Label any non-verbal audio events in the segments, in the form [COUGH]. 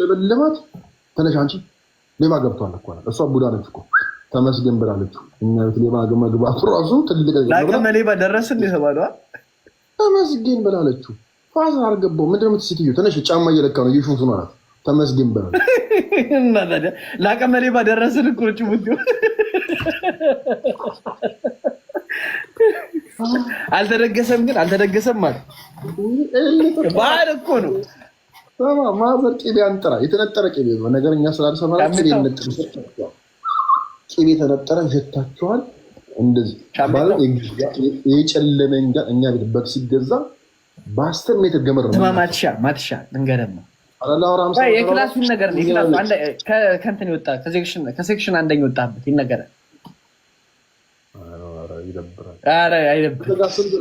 ለመለማት ተነሽ አንቺ ሌባ ገብቷል እኮ እሷ ቡዳ ነች እኮ ተመስገን ብላለች። እኛ ቤት ሌባ መግባቱ ራሱ ትልቅ ለአቅመ ሌባ ደረስ እንደተባለዋል። ተመስገን ብላለችው። ፋዝ አልገባሁም። ምንድን ነው የምትስትዩ? ተነሽ ጫማ እየለካ ነው እየሹፉ ነው አላት። ተመስገን ብላለች። ለአቅመ ሌባ ደረስን እኮ ጭቡት አልተደገሰም ግን አልተደገሰም ማለት በዓል እኮ ነው ማዘር ቅቤ አንጥራ የተነጠረ ቅቤ ነው። ነገርኛ ስላልሰማ ቅቤ ቅቤ የተነጠረ ሸታችኋል። እንደዚህ ማለት የጨለመ እኛ ቤት በግ ሲገዛ በአስር ሜትር ገመድ ነው። ማትሻ ማትሻ እንገደማ የክላሱን ነገር ከእንትን ይወጣ ከሴክሽን አንደኛ ወጣበት ይነገራል።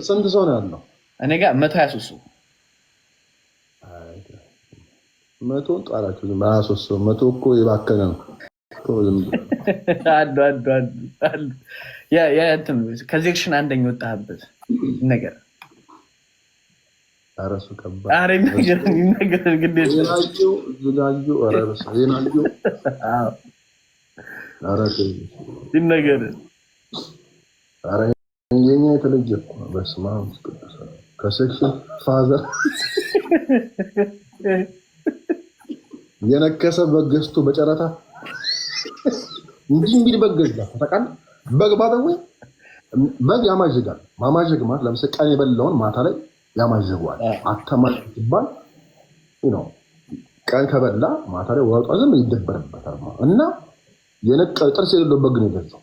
ስንት ሰው ነው ያለው? እኔ ጋር መቶ ሀያ ሦስት ሰው መቶውን ጣላችሁ። ዝም ሰው መቶ እኮ የባከነ ነው። [LAUGHS] አንዱ አንዱ አንዱ አንደኛ ወጣበት ነገር ረሱ የኛ የተለየ በስመ አብ ከሴክሽን ፋዘር [LAUGHS] የነከሰ በገዝቶ በጨረታ እንዲህ እንግዲህ በግ ገዛ ታውቃለህ። በግ ባደዌ በግ ያማዥጋል። ማማዥግ ማለት ለምሳሌ ቀን የበላውን ማታ ላይ ያማዥጓል። አተማዥ ሲባል ነው ቀን ከበላ ማታ ላይ ወጧ ዝም ይደበርበታል እና የነቀ ጥርስ የሌለው በግ ነው የገዛው።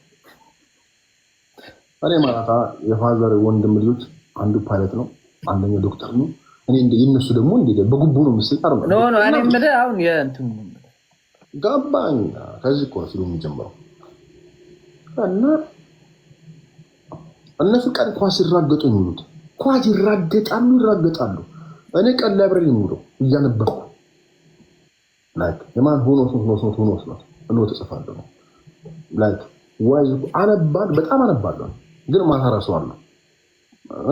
እኔ ማታ የፋዘር ወንድም ልጆች አንዱ ፓይለት ነው፣ አንደኛው ዶክተር ነው እኔ የነሱ ደግሞ እንደ በጉቦ ነው ምስል ጋባኝ ከዚህ እኮ ነው የሚጀምረው። እና እነሱ ቀን ኳስ ይራገጡ የሚሉት ኳስ ይራገጣሉ ይራገጣሉ። እኔ ቀን ላይብረሪ የሚውለው እያነበርኩ የማን ሆኖት ሆኖት ሆኖት ነው እኖ ተጽፋለሁ ነው ዋይዝ አነባል በጣም አነባለሁ ግን ማታ አለው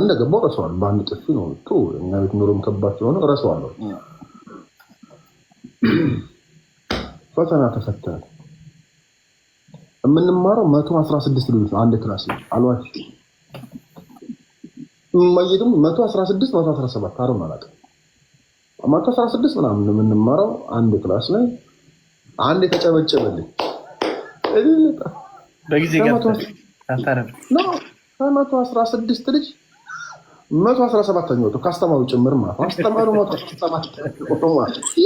እንደገባው ረሰዋል። በአንድ ጥፊ ነው ቱ እኛ ቤት ኑሮም ከባድ ስለሆነ ረሰዋለሁ። ፈተና ተፈተነ። የምንማረው መቶ አስራ ስድስት ልጆች ነው አንድ ክላስ አሏች። ማየትም መቶ አስራ ስድስት መቶ አስራ ሰባት አረ አላውቅም። መቶ አስራ ስድስት ምናምን የምንማረው አንድ ክላስ ላይ አንድ የተጨበጨበልኝ በጊዜ ከመቶ አስራ ስድስት ልጅ መቶ አስራ ሰባተኛ ወጡ ከአስተማሩ ጭምር ማለት አስተማሩ መቶ አስራ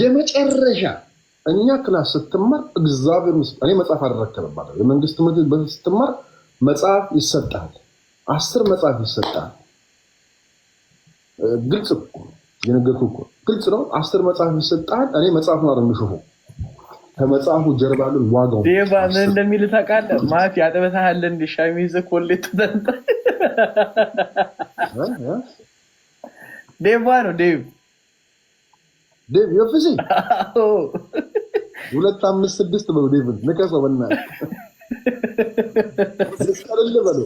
የመጨረሻ እኛ ክላስ ስትማር እግዚአብሔር ምስጋና መጽሐፍ አልረከበባለ የመንግስት ትምህርት ቤት ስትማር መጽሐፍ ይሰጣል። አስር መጽሐፍ ይሰጣል። ግልጽ እኮ የነገርኩህ እኮ ግልጽ ነው። አስር መጽሐፍ ይሰጣል። እኔ መጽሐፍ ነው አረ የሚሽፉ ከመጽሐፉ ጀርባ ግን ዋጋው ዴባ ምን እንደሚል ታውቃለህ? ማት ያጥበታል እንዲ ሸሚዝ ኮሌት ተጠንጠ ዴባ ነው ዴቭ ዴቭ የፍሲ ሁለት አምስት ስድስት በሉ ዴቭን ንቀሰው በና ስቀልል በሉ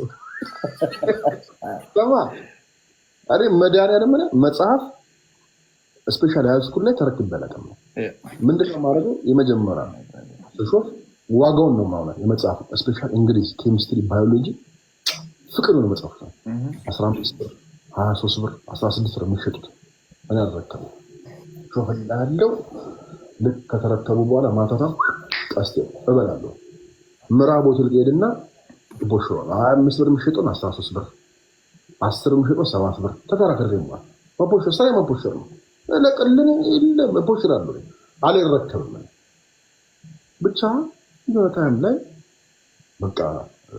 ሰማ መድኃኒዓለም መጽሐፍ ስፔሻል ሃይስኩል ላይ ተረክ በለቅም ነው ምንድነው የማደርገው? የመጀመሪያ እሾፍ ዋጋውን ነው ማውላት የመጽሐፍ ስፔሻል እንግሊዝ፣ ኬሚስትሪ፣ ባዮሎጂ ፍቅር ነው መጽሐፍ ነው። አስራ ብር፣ ሀያ ብር፣ አስራ ብር የሚሸጡት እኔ አልረከቡ ሾፍ ላለው ልክ ከተረከቡ በኋላ ማታታ ቀስቴ እበላለሁ። ምዕራብ ሆቴል ሄድና ቦሾ ሀያ ብር የሚሸጡን አስራ ብር፣ አስር ሰባት ብር ተከራከር ማ ስራ ነው ለቀልን ፖሽን አለ አልረከብም ብቻ የሆነ ታይም ላይ በቃ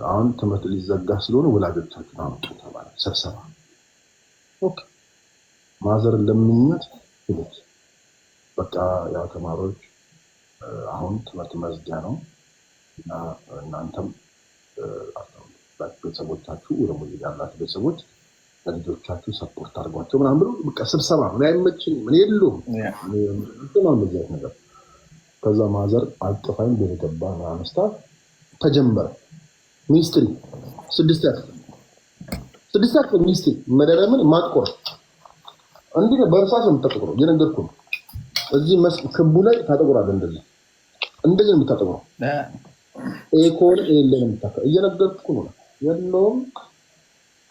አሁን ትምህርት ሊዘጋ ስለሆነ ወላጆቻችን አመጡ ተባለ። ስብሰባ ማዘር ለምኛት ሄደች። በቃ ያው ተማሪዎች አሁን ትምህርት መዝጊያ ነው እና እናንተም ቤተሰቦቻችሁ ወደሞ ሙዚቃ ያላችሁ ቤተሰቦች ለልጆቻችሁ ሰፖርት አድርጓቸው ምናምን ብሎ በቃ ስብሰባ ምን አይመችኝ ምን የሉም ማመጃት ነገር። ከዛ ማዘር አቅፋኝ በተገባ አነስታ ተጀመረ ሚኒስትሪ ስድስት ያክል ስድስት ያክል ሚኒስትሪ መደረምን ማጥቆር እንዲህ በእርሳስ የምታጠቁረው እየነገርኩህ ነው። እዚህ ክቡ ላይ ታጠቁራለህ። እንደዚህ እንደዚህ የምታጠቁረው ከሆነ የለን እየነገርኩ ነው የለውም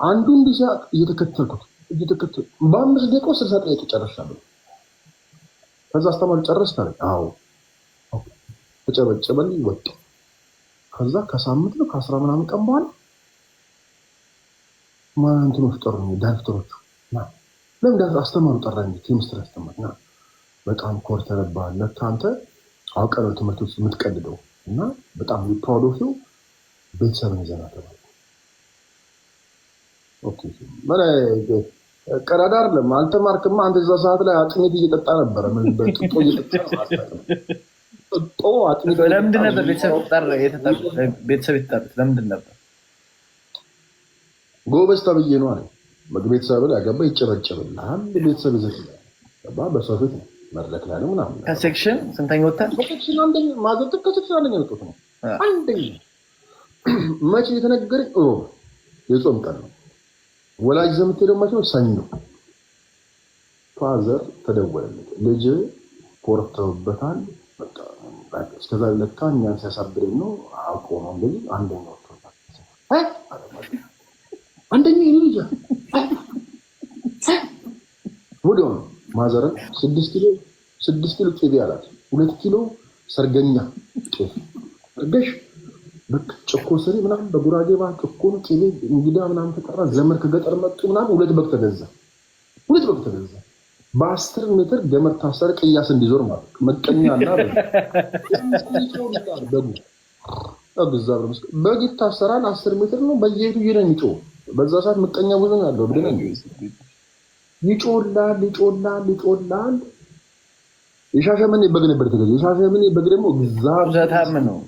አንዱን ዲሻ እየተከተልኩት እየተከተልኩት በአምስት ደቂቃ ውስጥ ስልሳ ጥያቄ ጨርሻለሁ። ከዛ አስተማሪ ጨረስክ አለኝ። አዎ ተጨበጨበልኝ፣ ወጣሁ። ከዛ ከሳምንት ነው ከአስራ ምናምን ቀን በኋላ ማንትኖች ጠሩኝ፣ ዳይሬክተሮቹ ለምን አስተማሩ ጠራኝ፣ ኬሚስትሪ አስተማሪ ና በጣም ኮርተንብሃል፣ ለካ አንተ አውቀ ነው ትምህርት ውስጥ የምትቀልደው እና በጣም ፕራውድ ኦፍ ዩ ቤተሰብን ይዘና ተባለ። ምን ቀዳዳ አይደለም። አልተማርክማ። አንተ እዛ ሰዓት ላይ አጥሚት እየጠጣ ነበረ። ጥጦ እየጠጣ ጥጦ አጥሚት። ለምንድን ነበር ቤተሰብ ጎበዝ ተብዬ ነው አለ። ቤተሰብ ያገባ ይጨበጨብልሃል። ቤተሰብ ይዘግባል። በሰው ፊት መድረክ ላይ ነው ምናምን። ከሴክሽን ስንተኛ ወጣህ? ከሴክሽን አንደኛ ማዘር ከሴክሽን አንደኛ ወጡት ነው አንደኛ። መቼ የተነገረኝ? ሮብ የጾም ቀን ነው ወላጅ ዘመድ ሰኝ ነው። ፋዘር ተደወለለት። ልጅ ኮርተውበታል። እስከዛ ለካ እኛን ሲያሳብደኝ ነው አውቆ ነው እንግዲህ አንደኛ አንደኛ ልጅ ወደ ማዘረ ስድስት ኪሎ ስድስት ኪሎ ቅቤ አላት። ሁለት ኪሎ ሰርገኛ ጤፍ እርገሽ ጭኮ ስሪ ምናምን በጉራጌ ባህል ጭኮን ቅቤ እንግዳ ምናምን ተጠራ። ዘመድ ከገጠር መጡ ምናምን ሁለት በግ ተገዛ፣ ሁለት በግ ተገዛ። በአስር ሜትር ገመድ ታሰረ። ቅያስ እንዲዞር ማለት መቀኛና በጉ እዛ በግ ይታሰራል። አስር ሜትር ነው። በየሄዱ እየሄደ ይጮ በዛ ሰዓት መቀኛ ብዙ ያለው ብድነ ይጮላል፣ ይጮላል፣ ይጮላል የሻሸመኔ በግ ነበር የተገዛው። የሻሸመኔ በግ ደግሞ ዛታም ነው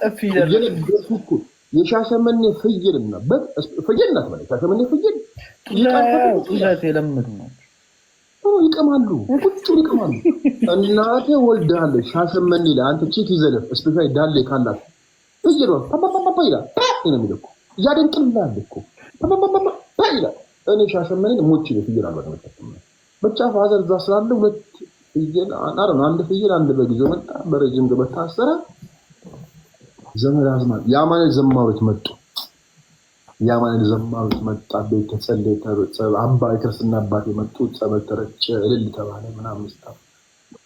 ጠፊ የሻሸመኔ ፍየል ፍየል ናት ማለት ፍየል ጡዘት የለምዱ ይቀማሉ፣ ቁጭ ይቀማሉ። እናቴ ወልዳለች ሻሸመኔ ላይ አንተ ይዘለፍ እስፔሻ ዳሌ ካላት ፍየል ፓፓፓፓ ይላል ነው የሚለው እኮ እኮ ፓፓፓፓ ይላል። እኔ ሻሸመኔ ሞች ነው ፍየል አልባት መጠቀም ብቻ ፋዘር እዛ ስላለ ሁለት ፍየል አጣር አንድ ፍየል አንድ በግ ይዞ መጣ። በረጅም ገመድ ታሰረ። ዘመድ አዝማድ የአማኑኤል ዘማሮች መጡ። የአማኑኤል ዘማሮች መጣ። ቤት ተጸለየ። አባ የክርስትና አባት የመጡ ጸበል ተረጨ። እልል ተባለ። ምናምን ስታ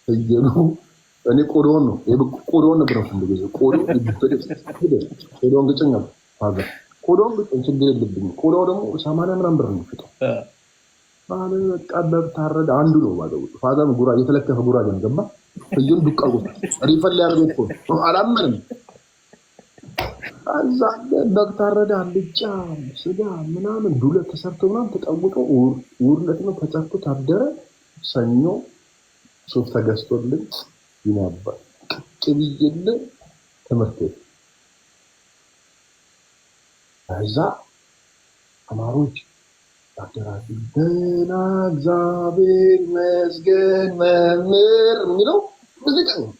ፍየሉ እኔ ቆዶን ነው ቆዶን ነበር ፈልገ ቆዶን ግጭኝ ነበር ቆዶን ግጭኝ ችግር የለብኝም። ቆዳው ደግሞ ሰማንያ ምናምን ብር ነው ፍጠው ፋዘር በቃ በታረደ አንዱ ነው ባለው ፋዛም ጉራ የተለከፈ ጉራ ነው ገባ እዩም ዱቅ አርጎት ሪፈል ያርገ እኮ አላመንም። አዛ በግ አልጫ ስጋ ምናምን ዱለት ተሰርቶ ምናምን ተጠውጦ ውርነት ነው ተጨርቶ ታደረ። ሰኞ ሱፍ ተገዝቶልኝ ይናባል ቅጭ ብይል ትምህርት ቤት እዛ ተማሪዎች አደራጅ ደህና እግዚአብሔር ይመስገን መምህር የሚለው ሙዚቃ ነው።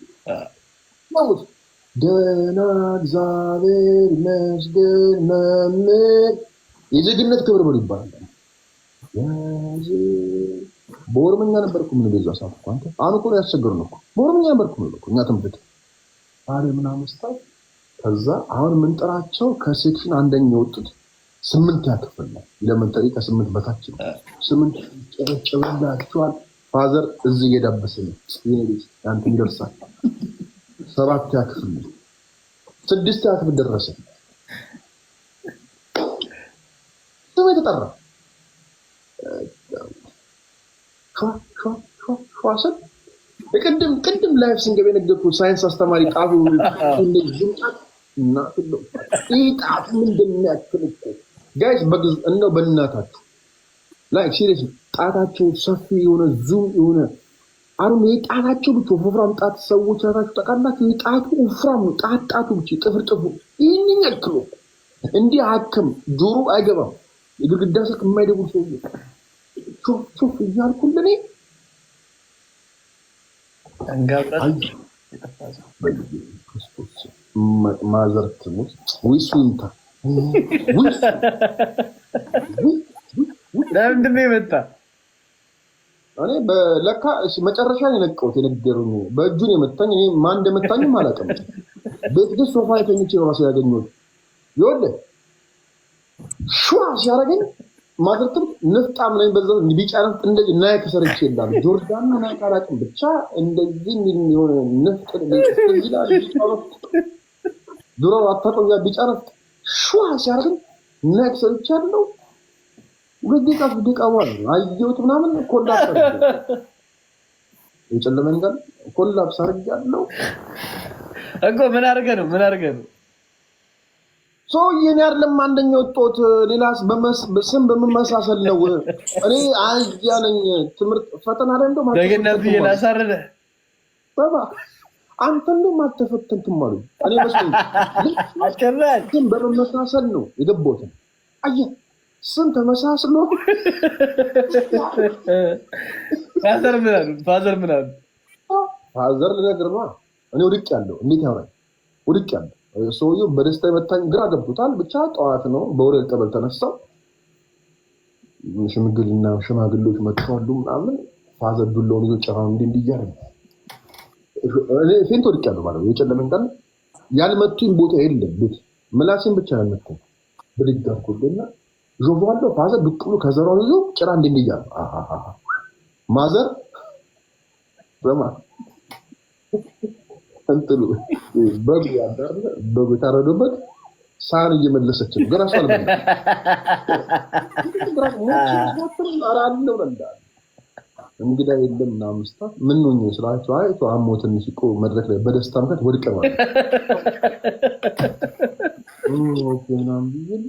ደህና እግዚአብሔር ይመስገን መምህር የዜግነት ክብር ብሎ ይባላል። በኦሮምኛ ነበርኩ ምን ገዛ ሰዓት እኮ አንተ አሁን እኮ ያስቸገሩን እኮ በኦሮምኛ ነበርኩ ምን እኮ እኛ ትምህርት አረ ምናምን ከዛ አሁን የምንጠራቸው ከሴክሽን አንደኛ የወጡት ስምንት ያክፍል ነው። ኢለመንተሪ ከስምንት በታች ስምንት ጨበጨበላቸዋል። ፋዘር እዚህ እየዳበሰ ነው ያንተ ይደርሳል። ሰባት ያክፍል ነው። ስድስት ያክፍል ደረሰ። ስም የተጠራ ሸዋሰብ ቅድም ቅድም ላይፍ ስንገብ የነገርኩ ሳይንስ አስተማሪ ጣቱ [LAUGHS] ጣት ምንድን ያክል እኮ ጋይስ እንደው በእናታችሁ ላይክ ሲሪየስ ጣታቸው ሰፊ የሆነ ዙም የሆነ አሁን ይህ ጣታቸው ብቻ ወፍራም ጣት ሰዎች ራሳችሁ ጠቃላት የጣቱ ወፍራም ጣት ጣቱ ብቻ ጥፍር ጥፉ ይህንን ያክል እንዲህ አክም ጆሮ አይገባም። የግድግዳ ስልክ የማይደውል ሰው ሾፍ ሾፍ እያልኩ እንደኔ ማዘር ትሙት ወይ ሱንታ ለምንድን ነው የመጣ? እኔ መጨረሻ ነው የነገሩኝ በእጁ የመታኝ። እኔ ማን እንደመታኝም አላውቅም። ቤት ግን ሶፋ ራሱ ሲያደርገኝ ማድረግም ንፍጣም ነኝ። በዛ ቢጫ ነፍጥ እንደዚህ ጆርዳን ብቻ እንደዚህ ንፍጥ ድሮ ቢጫ ነፍጥ ሸዋ ሲያደርግም ነግ ሰብቻ ያለው ገጌታ ድቃማ ነው አየሁት ምናምን ኮላፕስ የጨለመኝ ጋር ኮላፕስ አድርጌያለሁ እኮ ምን አርገ ነው ምን አርገ ነው ሰውዬን ያለም አንደኛ ወጦት ሌላ ስም በመመሳሰል ነው። እኔ አያ ነኝ ትምህርት ፈተና ላይ እንደው ደግነቱ ላሳረደ አንተ እንደውም አልተፈተንክም አሉ። እኔ መስሎኝ በመመሳሰል ነው የገቦትን አየ ስም ተመሳስሎ ፋዘር ምናሉ ፋዘር ምን ፋዘር ልነግርህ እኔ ውድቅ ያለው እንዴት ያወራል? ውድቅ ያለው ሰውዬው በደስታ የመታኝ ግራ ገብቶታል። ብቻ ጠዋት ነው በወሬ ቀበል ተነሳው ሽምግልና ሽማግሌዎች መጥተዋሉ ምናምን ፋዘር ዱላውን ይዞ ጨራ እንዲ እንዲያደርግ ፌንት ወድቄያለሁ ማለት ነው። የጨለመኝ ቃል ያልመቱኝ ቦታ የለም። ቤት ምላሴን ብቻ ያልመቱ ብድጋር ኩልና ዦቫለው ፋዘር ብቅ ብሎ ከዘሯን ይዞ ጭራ እንድንያ ማዘር በማ እንትሉ በጉ ያዳርነ በጉ የታረዱበት ሳን እየመለሰች ነው። ግን አሷል ነ እንግዳ የለም ምናምን ስታት ምን ሆኜ ስላቸው አይ አሞ ትንሽ እኮ መድረክ ላይ በደስታ ምክንያት ወድቀ ማለት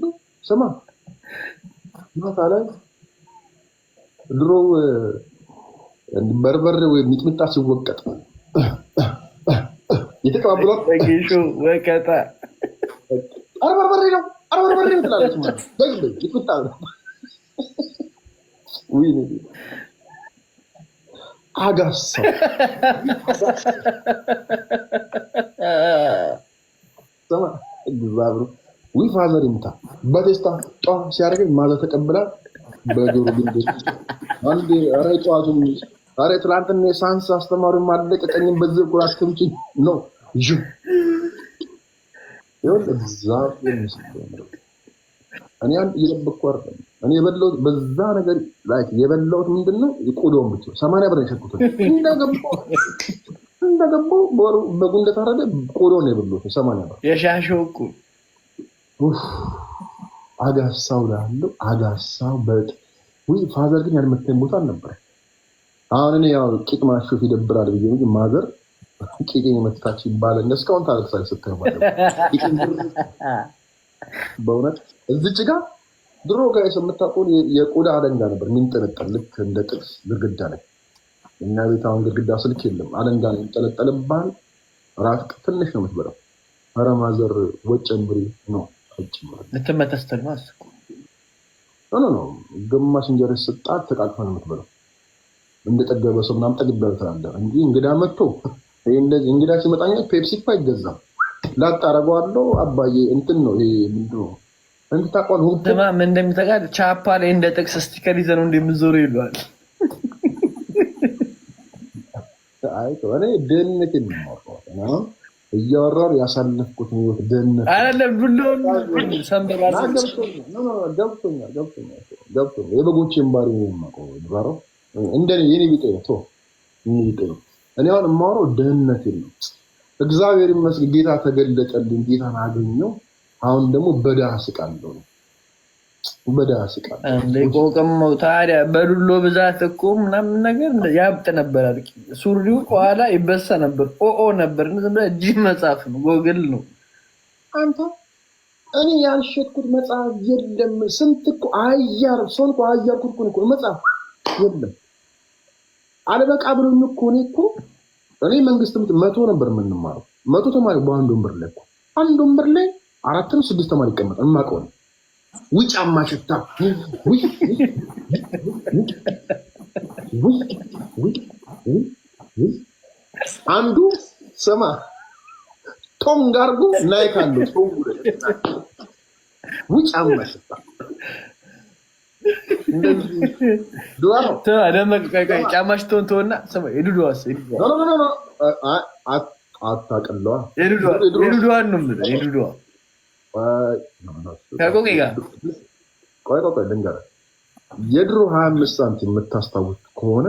ነው። ስማ ማታ ላይ ድሮ በርበሬ ወይ ሚጥሚጣ ሲወቀጥ የተቀባብሏት ወቀጣ ነው ነው አጋሳው ግዛብሩ ዊ ፋዘር ይምታ በቴስታ ጧ ሲያደርገኝ ማዘ ተቀብላ በጆሮ ግንድ አንዴ ኧረ ጠዋቱን ኧረ ትላንትና የሳንስ አስተማሪ ማለቀቀኝም በዚህ ጉራ አስከምጭ ነው ይሁን እግዚአብሔር ምስል እኔ አንድ እየለበኩ አይደለም እኔ የበላሁት በዛ ነገር ላይ የበላሁት ምንድን ነው? ቆዳውን ብቻ ሰማንያ ብር የሸኩት እንደገባሁ በጉ እንደታረደ ቆዳውን ነው የበላሁት። ሰማንያ ብር የሻሸው እኮ አጋሳው ላለው አጋሳው በጥ ፋዘር ግን ያልመታኝ ቦታ አልነበረ። አሁን እኔ ያው ቂጥ ማሾፍ ይደብራል ብዬ እንጂ ማዘር ቂጤ የመትታች ይባለ እስካሁን ታለቅሳለች ስታይ ማለት በእውነት እዚች ጋር ድሮ ጋር የምታውቀውን የቆዳ አለንጋ ነበር የሚንጠለጠል ልክ እንደ ጥልፍ ግርግዳ ላይ። እኛ ቤት አሁን ግድግዳ ስልክ የለም፣ አለንጋ ነው የሚንጠለጠልብሃል። ራቅ ትንሽ ነው የምትበለው። ኧረ ማዘር ወጨምሪ ነው ልትመተስተል ኖ ግማሽ እንጀራ ስጣት ተቃቅፈ ነው የምትበለው። እንደጠገበ ሰው ምናምን ጠግበህ ትላለ እንጂ እንግዳ መጥቶ እንግዳ ሲመጣኛ ፔፕሲ እኮ አይገዛም። ላጣ አባዬ እንትን ነው ይሄ ምንድን ነው እንትታቋልማ እንደሚጠቃ ቻፓ ላይ እንደ ጥቅስ ስቲከር ይዘህ ነው እንደምዞሩ ይሏል። ሆነ እያወራሁ ያሳለፍኩት ህይወት ድህነት አይደለም ብሎን ገብቶኛል፣ ገብቶኛል። የበጎቼን ባሪ የማውቀው እንደ የኔ ቢጤ ቶ ቢጤ እኔ አሁን የማወራው ደህንነት ነው። እግዚአብሔር ይመስገን ጌታ ተገለጠልኝ፣ ጌታን አገኘው አሁን ደግሞ በዳ ስቃለሁ ነው። በዳ ስቃለሁ ቆቅመው ታዲያ በዱሎ ብዛት እኮ ምናምን ነገር ያብጥ ነበር። ሱሪው ከኋላ ይበሳ ነበር። ኦኦ ነበር። እጅ መጽሐፍ ነው፣ ጎግል ነው። አንተ እኔ ያልሸጥኩት መጽሐፍ የለም። ስንት እኮ አያር ሰውን እኮ አያር ኩርኩን እኮ መጽሐፍ የለም አለበቃ ብሎኝ እኮ እኔ እኮ እኔ መንግስት መቶ ነበር የምንማረው መቶ ተማሪ በአንድ ወንበር ላይ እኮ አንድ ወንበር ላይ አራትም ነው ስድስት ተማሪ ይቀመጣል። የማውቀው ነው። ውይ ጫማ አንዱ ስማ ቶንግ አርጎ ናይክ አለው። ውይ ጫማ ሽታ ጫማ ሽቶን ተወና የዱድዋስ አታቅለዋ የዱድዋን ነው የዱድዋ ቆይ ቆይ ልንገርህ፣ የድሮ ሀያ አምስት ሳንቲም የምታስታውስ ከሆነ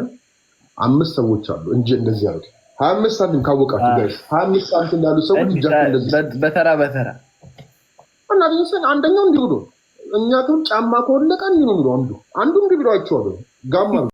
አምስት ሰዎች አሉ እንጂ እንደዚህ ያሉት ሀያ አምስት ሳንቲም ካወቃችሁ ሀያ አምስት ሳንቲም ያሉ ሰዎች በተራ በተራ እና አንደኛው እንዲሁ እኛ ጫማ ከወለቀ እንዲሁ አንዱ አንዱ እንዲህ ጋማ